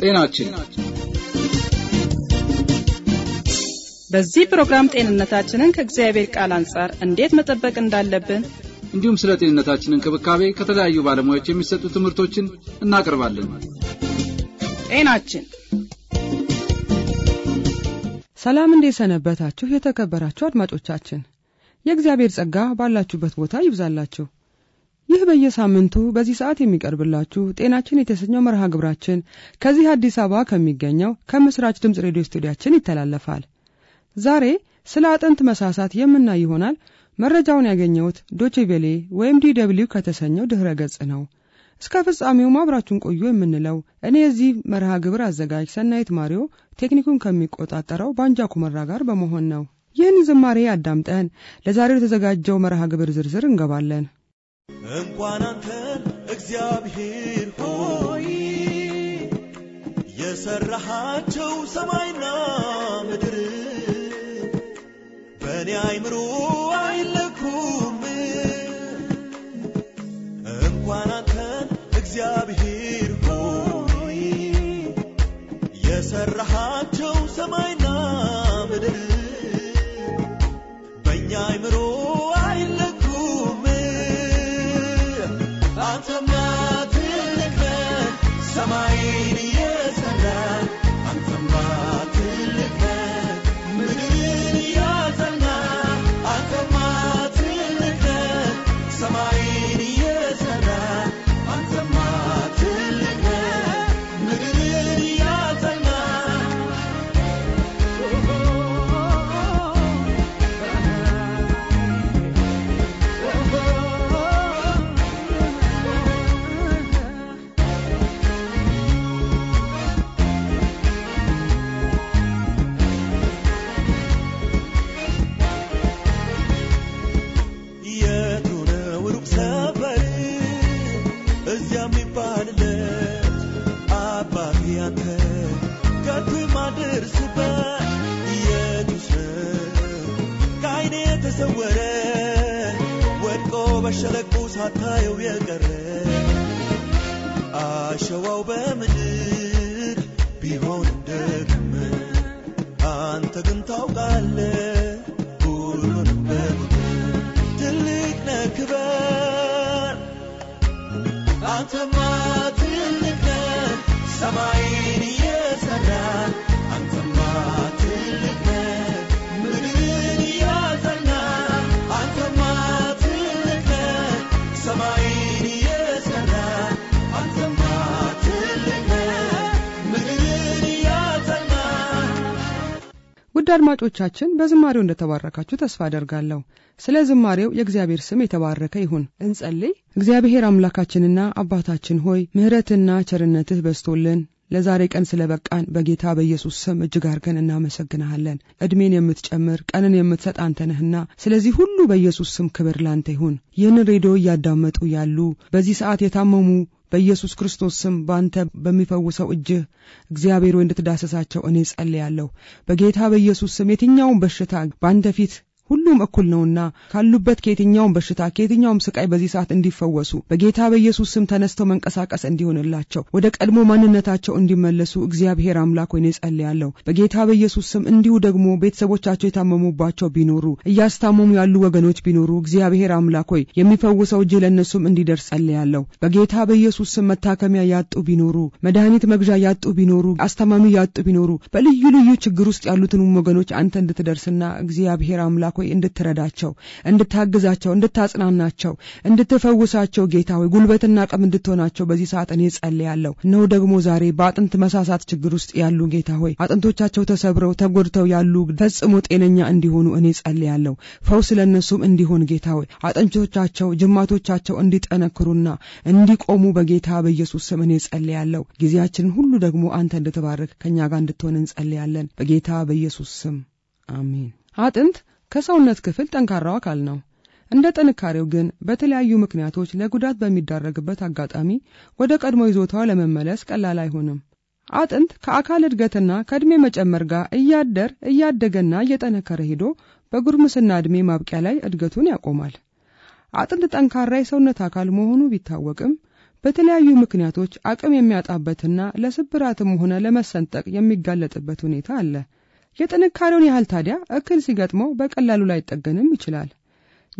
ጤናችን በዚህ ፕሮግራም ጤንነታችንን ከእግዚአብሔር ቃል አንጻር እንዴት መጠበቅ እንዳለብን እንዲሁም ስለ ጤንነታችን እንክብካቤ ከተለያዩ ባለሙያዎች የሚሰጡ ትምህርቶችን እናቀርባለን። ጤናችን ሰላም፣ እንዴ ሰነበታችሁ? የተከበራችሁ አድማጮቻችን የእግዚአብሔር ጸጋ ባላችሁበት ቦታ ይብዛላችሁ። ይህ በየሳምንቱ በዚህ ሰዓት የሚቀርብላችሁ ጤናችን የተሰኘው መርሃ ግብራችን ከዚህ አዲስ አበባ ከሚገኘው ከምስራች ድምፅ ሬዲዮ ስቱዲያችን ይተላለፋል። ዛሬ ስለ አጥንት መሳሳት የምናይ ይሆናል። መረጃውን ያገኘሁት ዶቼቬሌ ወይም ዲ ደብልዩ ከተሰኘው ድኅረ ገጽ ነው። እስከ ፍጻሜው አብራችሁን ቆዩ የምንለው እኔ የዚህ መርሃ ግብር አዘጋጅ ሰናይት ማሪዮ ቴክኒኩን ከሚቆጣጠረው ባንጃ ኩመራ ጋር በመሆን ነው። ይህን ዝማሬ አዳምጠን ለዛሬው የተዘጋጀው መርሃ ግብር ዝርዝር እንገባለን። እንኳን አንተን እግዚአብሔር ሆይ የሰራሃቸው ሰማይና ምድር በእኔ አይምሮ አይለኩም። እንኳን አንተን እግዚአብሔር ሆይ የሰራሃቸው ሰማይና ምድር ከቱ የተሰወረ ወድቆ በሸለቆ ሳታየው የቀረ አሸዋው በምድር ቢሆን ደግመ አንተ ግን ታውቃለ ሁሉንም በቁጥር ትልቅ ነህ አንተማ ውድ አድማጮቻችን በዝማሬው እንደተባረካችሁ ተስፋ አደርጋለሁ። ስለ ዝማሬው የእግዚአብሔር ስም የተባረከ ይሁን። እንጸልይ። እግዚአብሔር አምላካችንና አባታችን ሆይ ምህረትና ቸርነትህ በስቶልን ለዛሬ ቀን ስለ በቃን በጌታ በኢየሱስ ስም እጅግ አርገን እናመሰግናሃለን ዕድሜን የምትጨምር ቀንን የምትሰጥ አንተ ነህና ስለዚህ ሁሉ በኢየሱስ ስም ክብር ላንተ ይሁን። ይህን ሬዲዮ እያዳመጡ ያሉ በዚህ ሰዓት የታመሙ በኢየሱስ ክርስቶስ ስም በአንተ በሚፈውሰው እጅህ እግዚአብሔር ወይ እንድትዳሰሳቸው እኔ ጸልያለሁ። በጌታ በኢየሱስ ስም የትኛውን በሽታ በአንተ ፊት ሁሉም እኩል ነውና ካሉበት ከየትኛውም በሽታ ከየትኛውም ስቃይ በዚህ ሰዓት እንዲፈወሱ በጌታ በኢየሱስ ስም ተነስተው መንቀሳቀስ እንዲሆንላቸው ወደ ቀድሞ ማንነታቸው እንዲመለሱ እግዚአብሔር አምላክ ሆይ ጸልያለሁ። በጌታ በኢየሱስ ስም እንዲሁ ደግሞ ቤተሰቦቻቸው የታመሙባቸው ቢኖሩ እያስታመሙ ያሉ ወገኖች ቢኖሩ እግዚአብሔር አምላክ ሆይ የሚፈውሰው እጅ ለእነሱም እንዲደርስ ጸልያለሁ። በጌታ በኢየሱስ ስም መታከሚያ ያጡ ቢኖሩ መድኃኒት መግዣ ያጡ ቢኖሩ አስታማሚ ያጡ ቢኖሩ በልዩ ልዩ ችግር ውስጥ ያሉትን ወገኖች አንተ እንድትደርስና እግዚአብሔር አምላክ ሆይ እንድትረዳቸው፣ እንድታግዛቸው፣ እንድታጽናናቸው፣ እንድትፈውሳቸው ጌታ ሆይ ጉልበትና አቅም እንድትሆናቸው በዚህ ሰዓት እኔ ጸልያለሁ። ነው ደግሞ ዛሬ በአጥንት መሳሳት ችግር ውስጥ ያሉ ጌታ ሆይ አጥንቶቻቸው ተሰብረው ተጎድተው ያሉ ፈጽሞ ጤነኛ እንዲሆኑ እኔ ጸልያለሁ። ፈውስ ለእነሱም እንዲሆን ጌታ ሆይ አጥንቶቻቸው፣ ጅማቶቻቸው እንዲጠነክሩና እንዲቆሙ በጌታ በኢየሱስ ስም እኔ ጸልያለሁ። ጊዜያችንን ሁሉ ደግሞ አንተ እንድትባርክ ከእኛ ጋር እንድትሆን እንጸልያለን በጌታ በኢየሱስ ስም አሜን። አጥንት ከሰውነት ክፍል ጠንካራው አካል ነው። እንደ ጥንካሬው ግን በተለያዩ ምክንያቶች ለጉዳት በሚዳረግበት አጋጣሚ ወደ ቀድሞ ይዞታው ለመመለስ ቀላል አይሆንም። አጥንት ከአካል እድገትና ከዕድሜ መጨመር ጋር እያደር እያደገና እየጠነከረ ሄዶ በጉርምስና ዕድሜ ማብቂያ ላይ እድገቱን ያቆማል። አጥንት ጠንካራ የሰውነት አካል መሆኑ ቢታወቅም በተለያዩ ምክንያቶች አቅም የሚያጣበትና ለስብራትም ሆነ ለመሰንጠቅ የሚጋለጥበት ሁኔታ አለ። የጥንካሬውን ያህል ታዲያ እክል ሲገጥመው በቀላሉ ላይጠገንም ይችላል።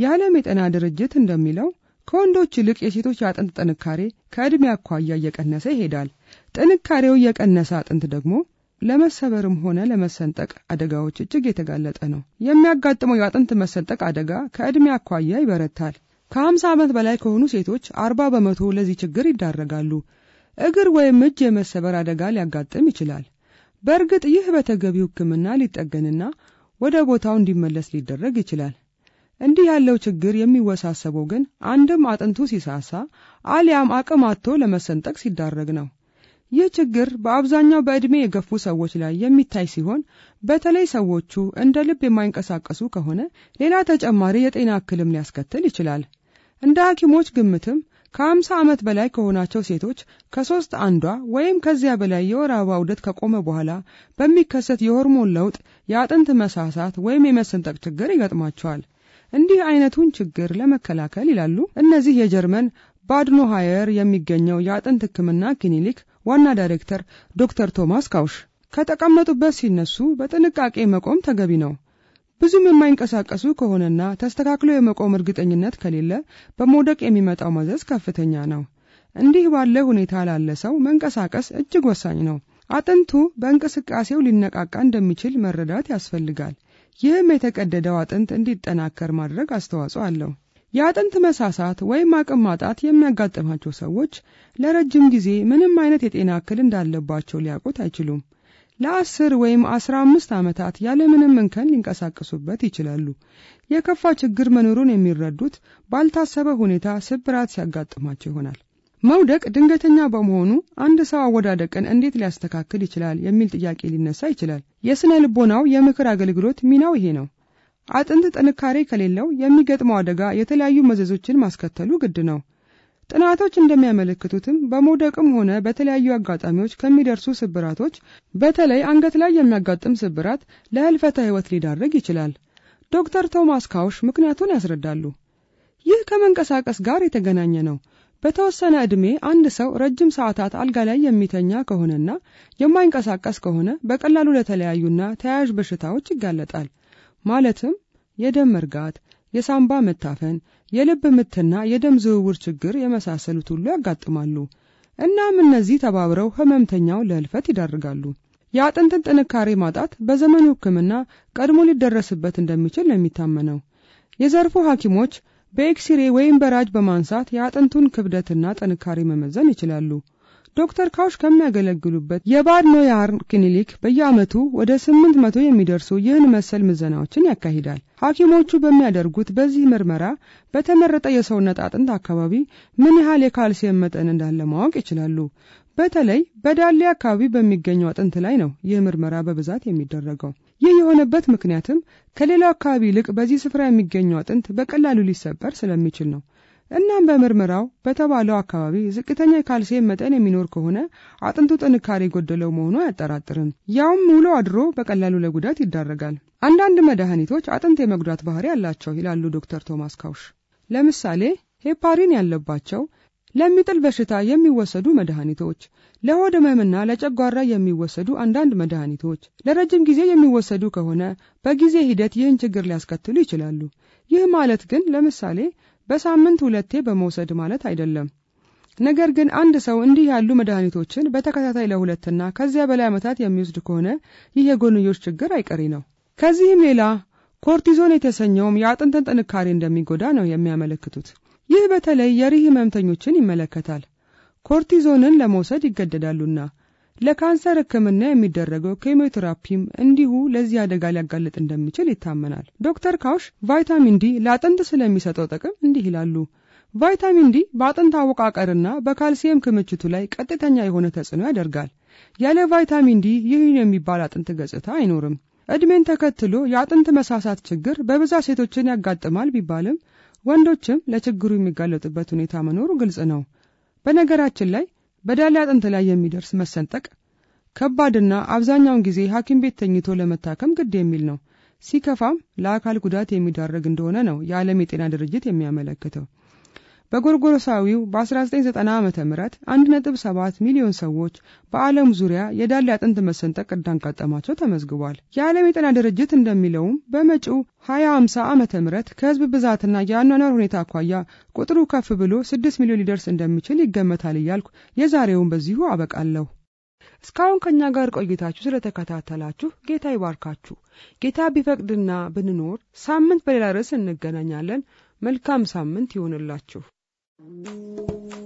የዓለም የጤና ድርጅት እንደሚለው ከወንዶች ይልቅ የሴቶች የአጥንት ጥንካሬ ከዕድሜ አኳያ እየቀነሰ ይሄዳል። ጥንካሬው የቀነሰ አጥንት ደግሞ ለመሰበርም ሆነ ለመሰንጠቅ አደጋዎች እጅግ የተጋለጠ ነው። የሚያጋጥመው የአጥንት መሰንጠቅ አደጋ ከዕድሜ አኳያ ይበረታል። ከአምሳ ዓመት በላይ ከሆኑ ሴቶች አርባ በመቶ ለዚህ ችግር ይዳረጋሉ። እግር ወይም እጅ የመሰበር አደጋ ሊያጋጥም ይችላል። በእርግጥ ይህ በተገቢው ሕክምና ሊጠገንና ወደ ቦታው እንዲመለስ ሊደረግ ይችላል። እንዲህ ያለው ችግር የሚወሳሰበው ግን አንድም አጥንቱ ሲሳሳ አሊያም አቅም አጥቶ ለመሰንጠቅ ሲዳረግ ነው። ይህ ችግር በአብዛኛው በዕድሜ የገፉ ሰዎች ላይ የሚታይ ሲሆን በተለይ ሰዎቹ እንደ ልብ የማይንቀሳቀሱ ከሆነ ሌላ ተጨማሪ የጤና እክልም ሊያስከትል ይችላል። እንደ ሐኪሞች ግምትም ከአምሳ ዓመት በላይ ከሆናቸው ሴቶች ከሦስት አንዷ ወይም ከዚያ በላይ የወር አበባ ዑደት ከቆመ በኋላ በሚከሰት የሆርሞን ለውጥ የአጥንት መሳሳት ወይም የመሰንጠቅ ችግር ይገጥማቸዋል። እንዲህ አይነቱን ችግር ለመከላከል ይላሉ እነዚህ የጀርመን ባድኖ ሃየር የሚገኘው የአጥንት ሕክምና ክሊኒክ ዋና ዳይሬክተር ዶክተር ቶማስ ካውሽ። ከተቀመጡበት ሲነሱ በጥንቃቄ መቆም ተገቢ ነው። ብዙም የማይንቀሳቀሱ ከሆነና ተስተካክሎ የመቆም እርግጠኝነት ከሌለ በመውደቅ የሚመጣው መዘዝ ከፍተኛ ነው። እንዲህ ባለ ሁኔታ ላለ ሰው መንቀሳቀስ እጅግ ወሳኝ ነው። አጥንቱ በእንቅስቃሴው ሊነቃቃ እንደሚችል መረዳት ያስፈልጋል። ይህም የተቀደደው አጥንት እንዲጠናከር ማድረግ አስተዋጽኦ አለው። የአጥንት መሳሳት ወይም አቅም ማጣት የሚያጋጥማቸው ሰዎች ለረጅም ጊዜ ምንም አይነት የጤና እክል እንዳለባቸው ሊያውቁት አይችሉም። ለአስር ወይም አስራ አምስት ዓመታት ያለምንም እንከን ሊንቀሳቀሱበት ይችላሉ። የከፋ ችግር መኖሩን የሚረዱት ባልታሰበ ሁኔታ ስብራት ሲያጋጥማቸው ይሆናል። መውደቅ ድንገተኛ በመሆኑ አንድ ሰው አወዳደቅን እንዴት ሊያስተካክል ይችላል የሚል ጥያቄ ሊነሳ ይችላል። የሥነ ልቦናው የምክር አገልግሎት ሚናው ይሄ ነው። አጥንት ጥንካሬ ከሌለው የሚገጥመው አደጋ የተለያዩ መዘዞችን ማስከተሉ ግድ ነው። ጥናቶች እንደሚያመለክቱትም በመውደቅም ሆነ በተለያዩ አጋጣሚዎች ከሚደርሱ ስብራቶች በተለይ አንገት ላይ የሚያጋጥም ስብራት ለህልፈተ ህይወት ሊዳርግ ይችላል። ዶክተር ቶማስ ካውሽ ምክንያቱን ያስረዳሉ። ይህ ከመንቀሳቀስ ጋር የተገናኘ ነው። በተወሰነ ዕድሜ አንድ ሰው ረጅም ሰዓታት አልጋ ላይ የሚተኛ ከሆነና የማይንቀሳቀስ ከሆነ በቀላሉ ለተለያዩና ተያያዥ በሽታዎች ይጋለጣል። ማለትም የደም መርጋት፣ የሳምባ መታፈን፣ የልብ ምትና የደም ዝውውር ችግር የመሳሰሉት ሁሉ ያጋጥማሉ። እናም እነዚህ ተባብረው ህመምተኛው ለህልፈት ይዳርጋሉ። የአጥንትን ጥንካሬ ማጣት በዘመኑ ሕክምና ቀድሞ ሊደረስበት እንደሚችል ነው የሚታመነው። የዘርፉ ሐኪሞች በኤክስሬ ወይም በራጅ በማንሳት የአጥንቱን ክብደትና ጥንካሬ መመዘን ይችላሉ። ዶክተር ካውሽ ከሚያገለግሉበት የባድ ኖያር ክሊኒክ በየዓመቱ ወደ ስምንት መቶ የሚደርሱ ይህን መሰል ምዘናዎችን ያካሂዳል። ሐኪሞቹ በሚያደርጉት በዚህ ምርመራ በተመረጠ የሰውነት አጥንት አካባቢ ምን ያህል የካልሲየም መጠን እንዳለ ማወቅ ይችላሉ። በተለይ በዳሌ አካባቢ በሚገኘው አጥንት ላይ ነው ይህ ምርመራ በብዛት የሚደረገው። ይህ የሆነበት ምክንያትም ከሌላው አካባቢ ይልቅ በዚህ ስፍራ የሚገኘው አጥንት በቀላሉ ሊሰበር ስለሚችል ነው። እናም በምርመራው በተባለው አካባቢ ዝቅተኛ የካልሲየም መጠን የሚኖር ከሆነ አጥንቱ ጥንካሬ የጎደለው መሆኑ አያጠራጥርም። ያውም ውሎ አድሮ በቀላሉ ለጉዳት ይዳረጋል። አንዳንድ መድኃኒቶች አጥንት የመጉዳት ባህሪ አላቸው ይላሉ ዶክተር ቶማስ ካውሽ። ለምሳሌ ሄፓሪን ያለባቸው ለሚጥል በሽታ የሚወሰዱ መድኃኒቶች፣ ለሆድ ህመምና ለጨጓራ የሚወሰዱ አንዳንድ መድኃኒቶች ለረጅም ጊዜ የሚወሰዱ ከሆነ በጊዜ ሂደት ይህን ችግር ሊያስከትሉ ይችላሉ። ይህ ማለት ግን ለምሳሌ በሳምንት ሁለቴ በመውሰድ ማለት አይደለም። ነገር ግን አንድ ሰው እንዲህ ያሉ መድኃኒቶችን በተከታታይ ለሁለትና ከዚያ በላይ ዓመታት የሚወስድ ከሆነ ይህ የጎንዮሽ ችግር አይቀሪ ነው። ከዚህም ሌላ ኮርቲዞን የተሰኘውም የአጥንትን ጥንካሬ እንደሚጎዳ ነው የሚያመለክቱት። ይህ በተለይ የሪህ ህመምተኞችን ይመለከታል። ኮርቲዞንን ለመውሰድ ይገደዳሉና ለካንሰር ሕክምና የሚደረገው ኬሞቴራፒም እንዲሁ ለዚህ አደጋ ሊያጋልጥ እንደሚችል ይታመናል። ዶክተር ካውሽ ቫይታሚን ዲ ለአጥንት ስለሚሰጠው ጥቅም እንዲህ ይላሉ። ቫይታሚን ዲ በአጥንት አወቃቀርና በካልሲየም ክምችቱ ላይ ቀጥተኛ የሆነ ተጽዕኖ ያደርጋል። ያለ ቫይታሚን ዲ ይህን የሚባል አጥንት ገጽታ አይኖርም። ዕድሜን ተከትሎ የአጥንት መሳሳት ችግር በብዛት ሴቶችን ያጋጥማል ቢባልም ወንዶችም ለችግሩ የሚጋለጡበት ሁኔታ መኖሩ ግልጽ ነው። በነገራችን ላይ በዳሌ አጥንት ላይ የሚደርስ መሰንጠቅ ከባድና አብዛኛውን ጊዜ ሐኪም ቤት ተኝቶ ለመታከም ግድ የሚል ነው። ሲከፋም ለአካል ጉዳት የሚዳረግ እንደሆነ ነው የዓለም የጤና ድርጅት የሚያመለክተው። በጎርጎሮሳዊው በ1990 ዓ ም 1.7 ሚሊዮን ሰዎች በዓለም ዙሪያ የዳሌ አጥንት መሰንጠቅ እንዳጋጠማቸው ተመዝግቧል። የዓለም የጤና ድርጅት እንደሚለውም በመጪው 2050 ዓ ምህረት ከህዝብ ብዛትና የአኗኗር ሁኔታ አኳያ ቁጥሩ ከፍ ብሎ 6 ሚሊዮን ሊደርስ እንደሚችል ይገመታል እያልኩ የዛሬውን በዚሁ አበቃለሁ። እስካሁን ከእኛ ጋር ቆይታችሁ ስለተከታተላችሁ ጌታ ይባርካችሁ። ጌታ ቢፈቅድና ብንኖር ሳምንት በሌላ ርዕስ እንገናኛለን። መልካም ሳምንት ይሆንላችሁ። Thank mm. you.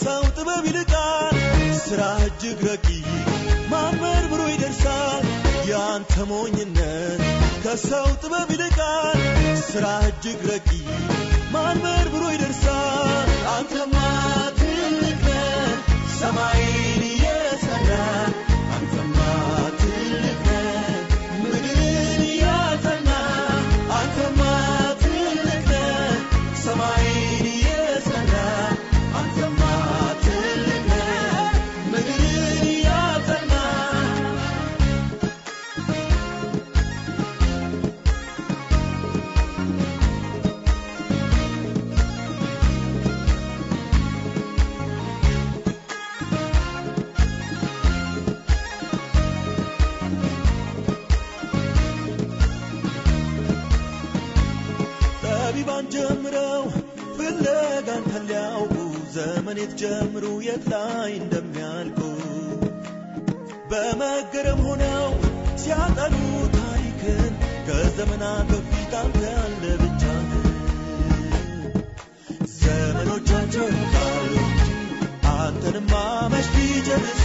ከሰው ጥበብ ይልቃል ስራ እጅግ ረቂ ማመር ብሮ ይደርሳል ያንተ ሞኝነት ከሰው ጥበብ ይልቃል ስራ እጅግ ረቂ ማመር ብሮ ይደርሳል አንተማ ትልቅ ሰማይን የሰራ አንተማ ጀምረው ፍለጋን ከሊያውቁ ዘመን ጀምሩ የት ላይ እንደሚያልቁ በመገረም ሆነው ሲያጠኑ ታሪክን ከዘመናት በፊት አንተ ያለ ብቻ ዘመኖቻቸው ባሉ አንተንም አመሽ ቢጨርሱ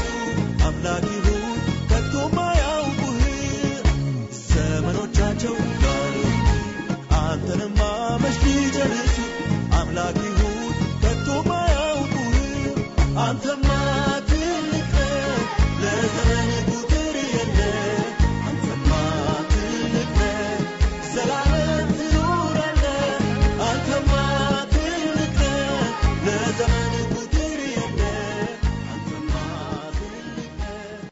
አምላክ ይሁን ዘመኖቻቸው Spirit.